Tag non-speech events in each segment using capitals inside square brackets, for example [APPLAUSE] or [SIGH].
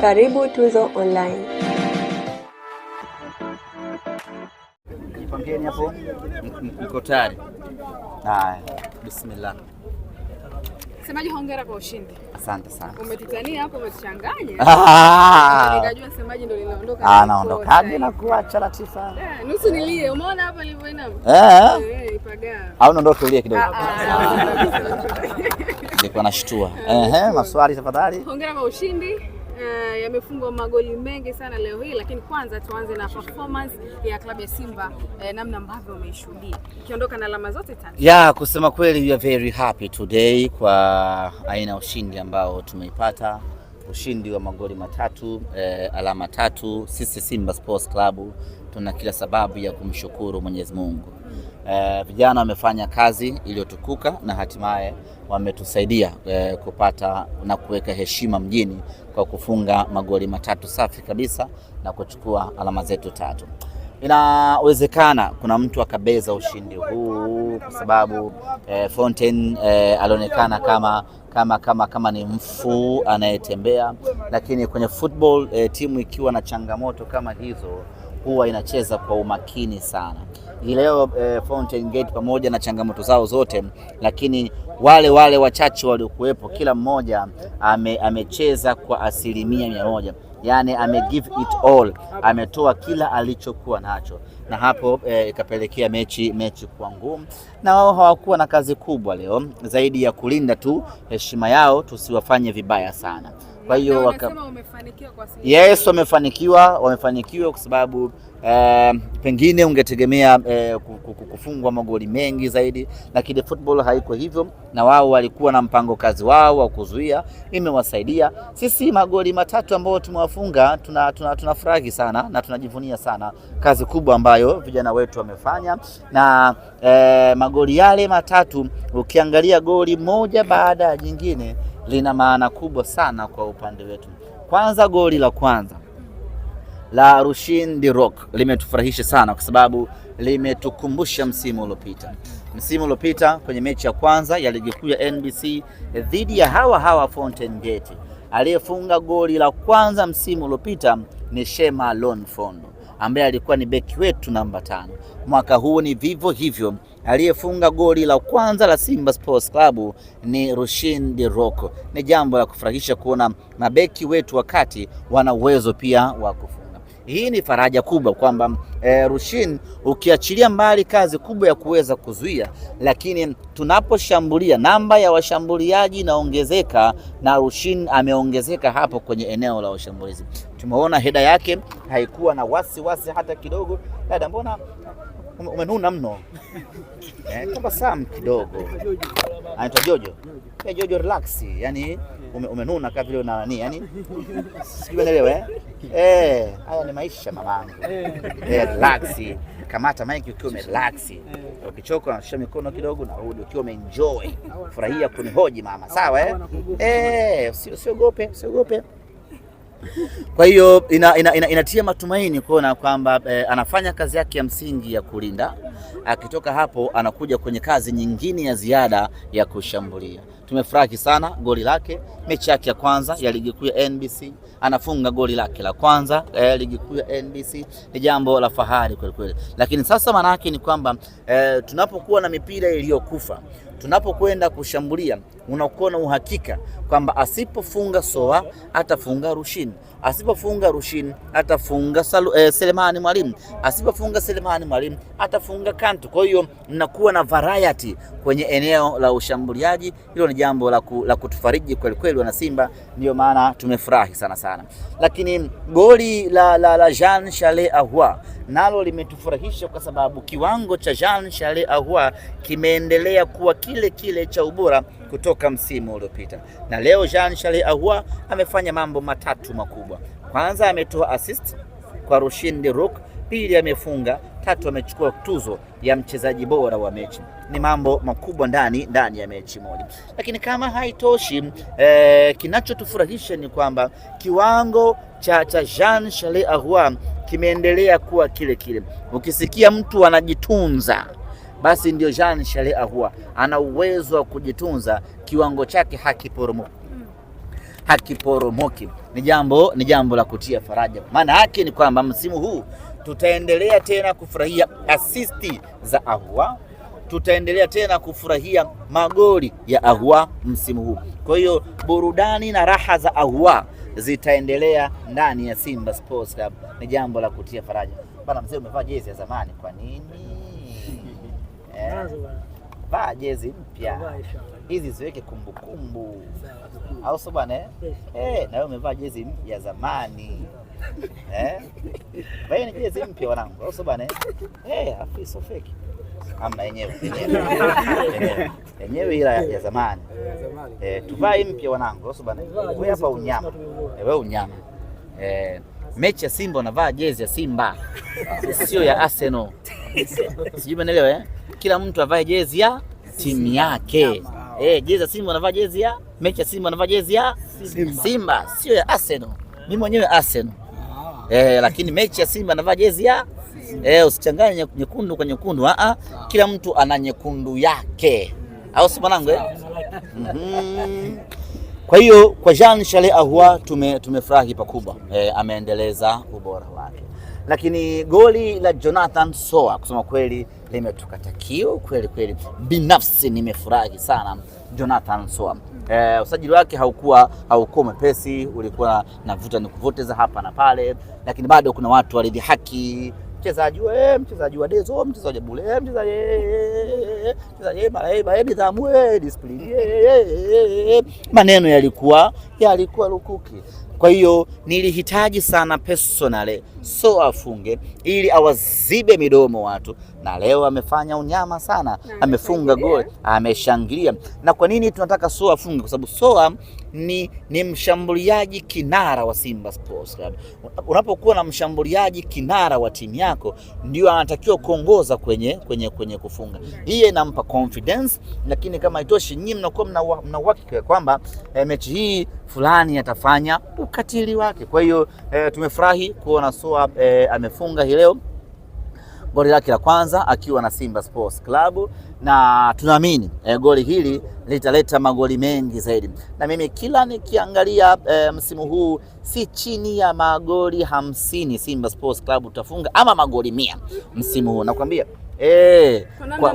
Karibu Tuzo Online. mko tayari? Haya, bismillah. Semaji, hongera kwa ushindi. Asante sana. Umetitania hapo, umetuchanganya. [LAUGHS] Ah. Nikajua semaji linaondoka. Ah, na kuacha Latifa. Eh, nusu nilie, umeona hapo Eh. eh. eh Au naondoka ulie kidogo. Ah, ah, Nilikuwa nashtua. Ehe, maswali tafadhali. Hongera kwa ushindi. Eh, yamefungwa magoli mengi sana leo hii, lakini kwanza tuanze na performance ya klabu ya Simba eh, namna ambavyo umeishuhudia ikiondoka na alama zote tano. Yeah, kusema kweli we are very happy today kwa aina ya ushindi ambao tumeipata, ushindi wa magoli matatu eh, alama tatu. Sisi Simba Sports Club tuna kila sababu ya kumshukuru Mwenyezi Mungu Eh, vijana wamefanya kazi iliyotukuka na hatimaye wametusaidia eh, kupata na kuweka heshima mjini kwa kufunga magoli matatu safi kabisa na kuchukua alama zetu tatu. Inawezekana kuna mtu akabeza ushindi huu kwa sababu eh, Fontaine eh, alionekana kama kama, kama, kama ni mfu anayetembea, lakini kwenye football eh, timu ikiwa na changamoto kama hizo huwa inacheza kwa umakini sana. Hii leo eh, Fountain Gate pamoja na changamoto zao zote, lakini wale wale wachache waliokuwepo, kila mmoja ame, amecheza kwa asilimia mia moja yaani ame give it all, ametoa kila alichokuwa nacho, na hapo eh, ikapelekea e, mechi mechi kuwa ngumu, na wao hawakuwa na kazi kubwa leo zaidi ya kulinda tu heshima yao, tusiwafanye vibaya sana. Kwa hiyo waka... yes, wamefanikiwa, wamefanikiwa kwa sababu uh, pengine ungetegemea uh, kufungwa magoli mengi zaidi, lakini football haiko hivyo, na wao walikuwa na mpango kazi wao wa kuzuia, imewasaidia sisi. Magoli matatu ambayo tumewafunga tunafurahi tuna, tuna sana na tunajivunia sana kazi kubwa ambayo vijana wetu wamefanya, na uh, magoli yale matatu ukiangalia goli moja baada ya jingine lina maana kubwa sana kwa upande wetu. Kwanza, goli la kwanza la Rushine Rock limetufurahisha sana kwa sababu limetukumbusha msimu uliopita. Msimu uliopita kwenye mechi ya kwanza ya ligi kuu ya NBC dhidi ya hawa hawa Fountain Gate, aliyefunga goli la kwanza msimu uliopita ni Shema lonfondo ambaye alikuwa ni beki wetu namba tano. Mwaka huu ni vivyo hivyo, aliyefunga goli la kwanza la Simba Sports Club ni Rushin Diroko. Ni jambo la kufurahisha kuona mabeki wetu wakati wana uwezo pia wa kufunga hii ni faraja kubwa kwamba e, Rushin ukiachilia mbali kazi kubwa ya kuweza kuzuia, lakini tunaposhambulia namba ya washambuliaji inaongezeka na Rushin ameongezeka hapo kwenye eneo la washambulizi. Tumeona heda yake haikuwa na wasiwasi wasi hata kidogo. Dada, mbona umenuna mno? [LAUGHS] Eh, Sam kidogo anaitwa Jojo. Hey, eh, Jojo relax, yani umenuna kama vile una nani, yani sikuelewa eh? Eh, haya ni maisha mamangu. Eh, eh relax. Kamata mike ukiwa umerelax, Ukichoka unashusha mikono kidogo na rudi ukiwa umeenjoy. Furahia kunihoji mama, sawa eh? Eh, usiogope, usiogope. Kwa hiyo inatia ina, ina, ina matumaini kuona kwamba eh, anafanya kazi yake ya msingi ya kulinda Akitoka hapo anakuja kwenye kazi nyingine ya ziada ya kushambulia tumefurahi sana goli lake, mechi yake ya kwanza ya ligi kuu ya NBC, anafunga goli lake la kwanza eh, ligi kuu ya NBC, ni jambo la fahari kweli kweli. Lakini sasa maana yake ni kwamba eh, tunapokuwa na mipira iliyokufa tunapokwenda kushambulia unakuwa na uhakika kwamba asipofunga Soa atafunga Rushin, asipofunga Rushin atafunga Salu, eh, Selemani Mwalimu, asipofunga Selemani Mwalimu atafunga Kantu. Kwa hiyo mnakuwa na variety kwenye eneo la ushambuliaji, hilo ni jambo la, ku, la kutufariji kwelikweli, wana Simba, ndio maana tumefurahi sana sana. Lakini goli la, la, la Jean Charles Ahoua nalo limetufurahisha kwa sababu kiwango cha Jean Charles Ahoua kimeendelea kuwa kile kile cha ubora kutoka msimu uliopita, na leo Jean Charles Ahoua amefanya mambo matatu makubwa. Kwanza ametoa assist kwa Rushine De Reuck, pili amefunga tatu amechukua tuzo ya mchezaji bora wa mechi. Ni mambo makubwa ndani ndani ya mechi moja, lakini kama haitoshi eh, kinachotufurahisha ni kwamba kiwango cha, cha Jean Charles Ahoua kimeendelea kuwa kile kile. Ukisikia mtu anajitunza basi ndio Jean Charles Ahoua ana uwezo wa kujitunza, kiwango chake hakiporomoki hakiporomoki. Ni jambo ni jambo la kutia faraja. Maana yake ni kwamba msimu huu tutaendelea tena kufurahia asisti za Ahoua, tutaendelea tena kufurahia magoli ya Ahoua msimu huu. Kwa hiyo burudani na raha za Ahoua zitaendelea ndani ya Simba Sports Club, ni jambo la kutia faraja bana. Mzee, umevaa jezi ya zamani kwa nini? [LAUGHS] Eh, vaa jezi mpya hizi ziweke kumbukumbu, au sio bwana? Eh? eh, na wewe umevaa jezi ya zamani. [LAUGHS] eh? Wewe ni jezi mpya wanangu, au sio bwana? Eh, afiso fake. Amna yenyewe yenyewe ila ya zamani eh, tuvai mpya wanangu, au sio Wewe hapa unyama, eh, wewe unyama eh, mechi ya Simba unavaa jezi ya Simba sio ya Arsenal, sijui umeelewa eh? Kila mtu avae jezi ya timu yake eh, jezi ya Simba unavaa jezi ya mechi ya Simba unavaa jezi ya Simba, sio ya Arsenal. Mimi mwenyewe Arsenal eh, lakini mechi ya Simba anavaa jezi ya eh, usichanganye nyekundu kwa nyekundu. Aa, ah, ah. kila mtu ana nyekundu yake, au si mwanangu eh? mm -hmm. Kwa hiyo kwa Jean Charles Ahoua tume, tumefurahi pakubwa eh, ameendeleza ubora wake, lakini goli la Jonathan Soa kusema kweli limetukata kiu kweli kweli, binafsi nimefurahi sana Jonathan Soa eh, usajili wake haukuwa haukuwa mwepesi, ulikuwa na vuta ni kuvuta za hapa na pale, lakini bado kuna watu walidhihaki mchezaji we, mchezaji wa Dezo, mchezaji bule, mchezaji mchezaji Malaika, nidhamu, discipline, maneno yalikuwa yalikuwa lukuki. Kwa hiyo nilihitaji sana personally so afunge ili awazibe midomo watu, na leo amefanya unyama sana amefunga goli, ameshangilia. Na kwa nini tunataka so afunge? Kwa sababu soa ni, ni mshambuliaji kinara wa Simba Sports Club. Unapokuwa na mshambuliaji kinara wa timu yako ndio anatakiwa kuongoza kwenye, kwenye, kwenye kufunga. Hii inampa confidence, lakini kama itoshi nyinyi mnakuwa mna uhakika kwamba eh, mechi hii fulani atafanya ukatili wake. Kwa hiyo eh, tumefurahi kuona soa eh, amefunga hii leo goli lake la kwanza akiwa na Simba Sports Club na tunaamini eh, goli hili litaleta magoli mengi zaidi, na mimi kila nikiangalia eh, msimu huu si chini ya magoli hamsini Simba Sports Club tutafunga ama magoli mia msimu huu nakwambia. Eh, kwa,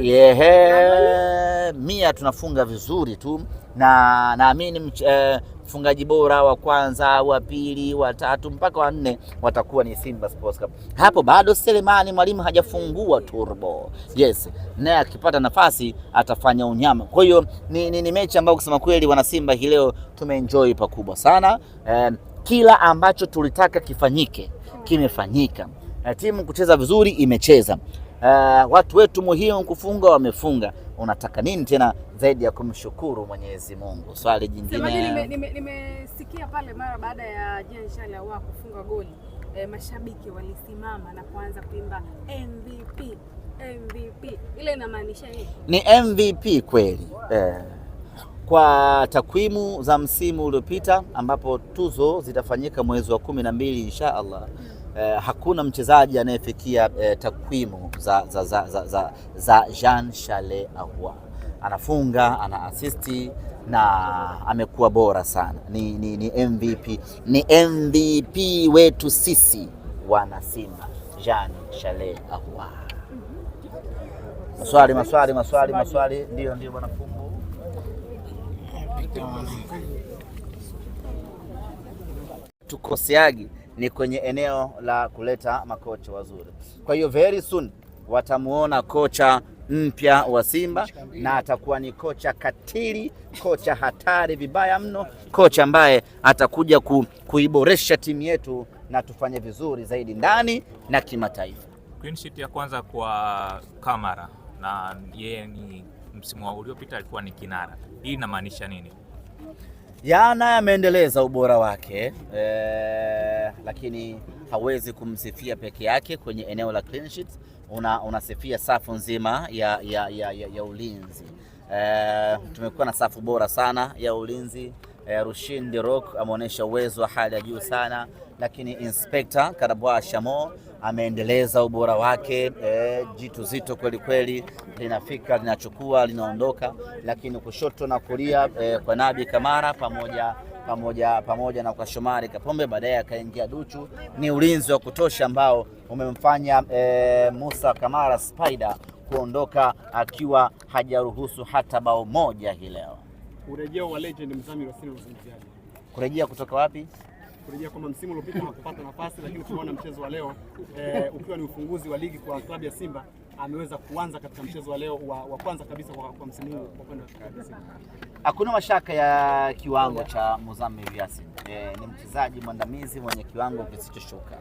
yehe, mia tunafunga vizuri tu na naamini eh, mfungaji bora wa kwanza, wa pili, wa tatu mpaka wa nne watakuwa ni Simba Sports Club. Hapo bado Selemani Mwalimu hajafungua turbo, yes, naye akipata nafasi atafanya unyama. Kwa hiyo ni, ni, ni mechi ambayo kusema kweli wana Simba hii leo tumeenjoy pakubwa sana eh, kila ambacho tulitaka kifanyike kimefanyika, eh, timu kucheza vizuri imecheza, eh, watu wetu muhimu kufunga wamefunga unataka nini tena zaidi ya kumshukuru Mwenyezi Mungu? Swali jingine nimesikia pale mara baada ya Jean Charles kufunga goli e, mashabiki walisimama na kuanza kuimba MVP MVP. Ile inamaanisha nini? Ni MVP kweli wow. Eh. kwa takwimu za msimu uliopita ambapo tuzo zitafanyika mwezi wa kumi na mbili insha Allah hmm eh, hakuna mchezaji anayefikia eh, takwimu za, za, za, za, za, za Jean Charles Ahoua. Anafunga, ana asisti na amekuwa bora sana, ni, ni, ni MVP, ni MVP wetu sisi wana Simba, Jean Charles Ahoua. Maswali, maswali, maswali, maswali. Ndio, ndio bwana Fumbu. Tukoseagi ni kwenye eneo la kuleta makocha wazuri. Kwa hiyo very soon watamuona kocha mpya wa Simba na atakuwa ni kocha katili, kocha hatari vibaya mno, kocha ambaye atakuja ku, kuiboresha timu yetu na tufanye vizuri zaidi ndani na kimataifa. Clean sheet ya kwanza kwa Kamara na yeye ni msimu uliopita alikuwa ni kinara. Hii inamaanisha nini? Yana ameendeleza ubora wake e... Eh, lakini hawezi kumsifia peke yake kwenye eneo la clean sheet. una unasifia safu nzima ya, ya, ya, ya, ya ulinzi. E, tumekuwa na safu bora sana ya ulinzi. E, eh, Rushine Rock ameonyesha uwezo wa hali ya juu sana, lakini Inspector Karabwa Shamo ameendeleza ubora wake. E, jitu zito kweli kweli, linafika linachukua linaondoka, lakini kushoto na kulia e, kwa Nabi Kamara pamoja pamoja, pamoja na kwa Shomari Kapombe, baadaye akaingia Duchu. Ni ulinzi wa kutosha ambao umemfanya e, Musa Kamara Spider kuondoka akiwa hajaruhusu hata bao moja hii leo. Urejeo wa legend Mzamiru Yassin unazungumziaje? Kurejea kutoka wapi? Kurejea kwamba msimu uliopita hakupata nafasi, lakini tunaona mchezo wa leo e, ukiwa ni ufunguzi wa ligi kwa klabu ya Simba ameweza kuanza katika mchezo wa leo wa, wa kwanza kabisa kwa, kwa msimu huu kwa kwenda hakuna mashaka ya kiwango cha Muzammil Yasin. E, ni mchezaji mwandamizi mwenye kiwango kisichoshuka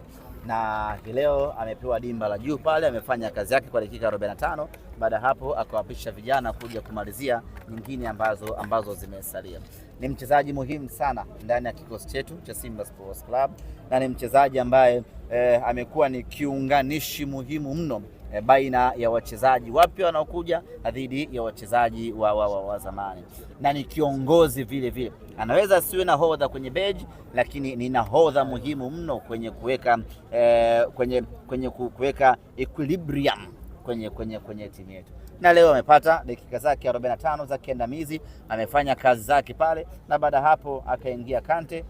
na leo amepewa dimba la juu pale, amefanya kazi yake kwa dakika 45. Baada ya hapo akawapisha vijana kuja kumalizia nyingine ambazo, ambazo zimesalia. Ni mchezaji muhimu sana ndani ya kikosi chetu cha Simba Sports Club na ni mchezaji ambaye e, amekuwa ni kiunganishi muhimu mno e, baina ya wachezaji wapya wanaokuja dhidi ya wachezaji wa, wa, wa, wa zamani, na ni kiongozi vile vile. Anaweza asiwe nahodha kwenye beji, lakini ni nahodha muhimu mno kwenye kuweka e, kwenye, kwenye kuweka equilibrium kwenye, kwenye, kwenye timu yetu na leo amepata dakika zake 45 za kiandamizi, amefanya kazi zake pale, na baada hapo akaingia Kante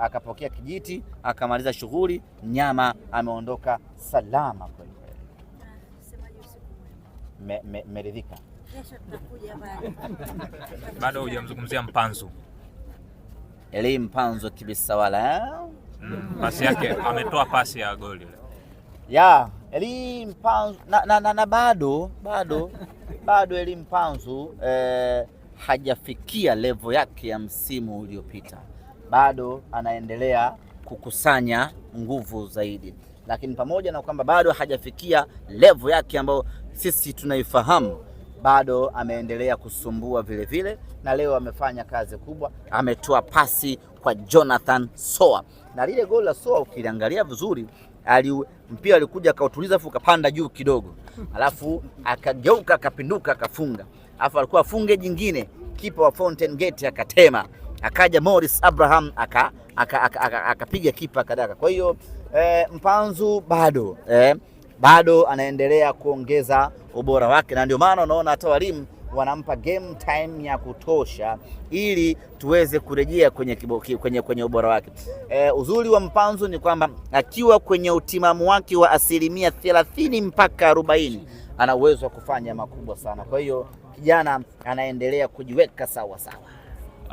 akapokea kijiti akamaliza shughuli, nyama ameondoka salama kweli mmeridhika? [LAUGHS] Bado hujamzungumzia Mpanzu. Eli Mpanzu kibisa wala eh? mm, pasi yake ametoa pasi ya goli ya Eli Mpanzu na, na, na, na bado bado bado Eli Mpanzu eh, hajafikia levo yake ya msimu uliopita, bado anaendelea kukusanya nguvu zaidi, lakini pamoja na kwamba bado hajafikia levo yake ambayo sisi tunaifahamu, bado ameendelea kusumbua vilevile vile, na leo amefanya kazi kubwa, ametoa pasi kwa Jonathan Soa na lile goli la Soa ukiliangalia vizuri ali, mpira alikuja akautuliza, afu kapanda juu kidogo, alafu akageuka akapinduka akafunga, alafu alikuwa afunge jingine, kipa wa Fountain Gate akatema, akaja Morris Abraham akapiga aka, aka, aka, aka kipa kadaka. Kwa hiyo eh, mpanzu bado eh, bado anaendelea kuongeza ubora wake, na ndio maana unaona hata walimu wanampa game time ya kutosha ili tuweze kurejea kwenye, kwenye, kwenye ubora wake. E, uzuri wa Mpanzu ni kwamba akiwa kwenye utimamu wake wa asilimia thelathini mpaka arobaini ana uwezo wa kufanya makubwa sana. Kwa hiyo kijana anaendelea kujiweka sawa sawa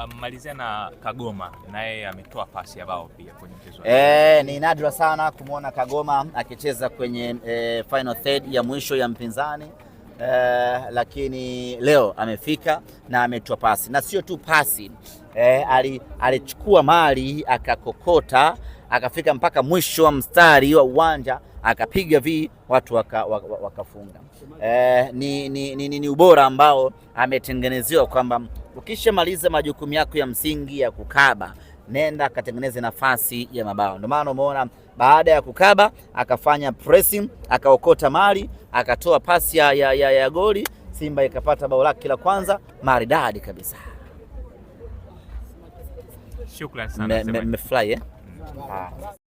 mmalizia na Kagoma naye ametoa pasi ya bao pia kwenye mchezo. E, ni nadra sana kumwona Kagoma akicheza kwenye e, final third ya mwisho ya mpinzani e, lakini leo amefika na ametoa pasi na sio tu pasi e, alichukua mali akakokota akafika mpaka mwisho wa mstari wa uwanja akapiga vi watu wakafunga waka, waka eh, ni, ni, ni, ni ubora ambao ametengenezewa kwamba ukishamaliza majukumu yako ya msingi ya kukaba nenda akatengeneze nafasi ya mabao. Ndio maana umeona baada ya kukaba akafanya pressing, akaokota mali, akatoa pasi ya, ya, ya, ya goli. Simba ikapata bao lake la kwanza maridadi kabisa. Shukrani sana, mmefurahi eh? Mm. Ah.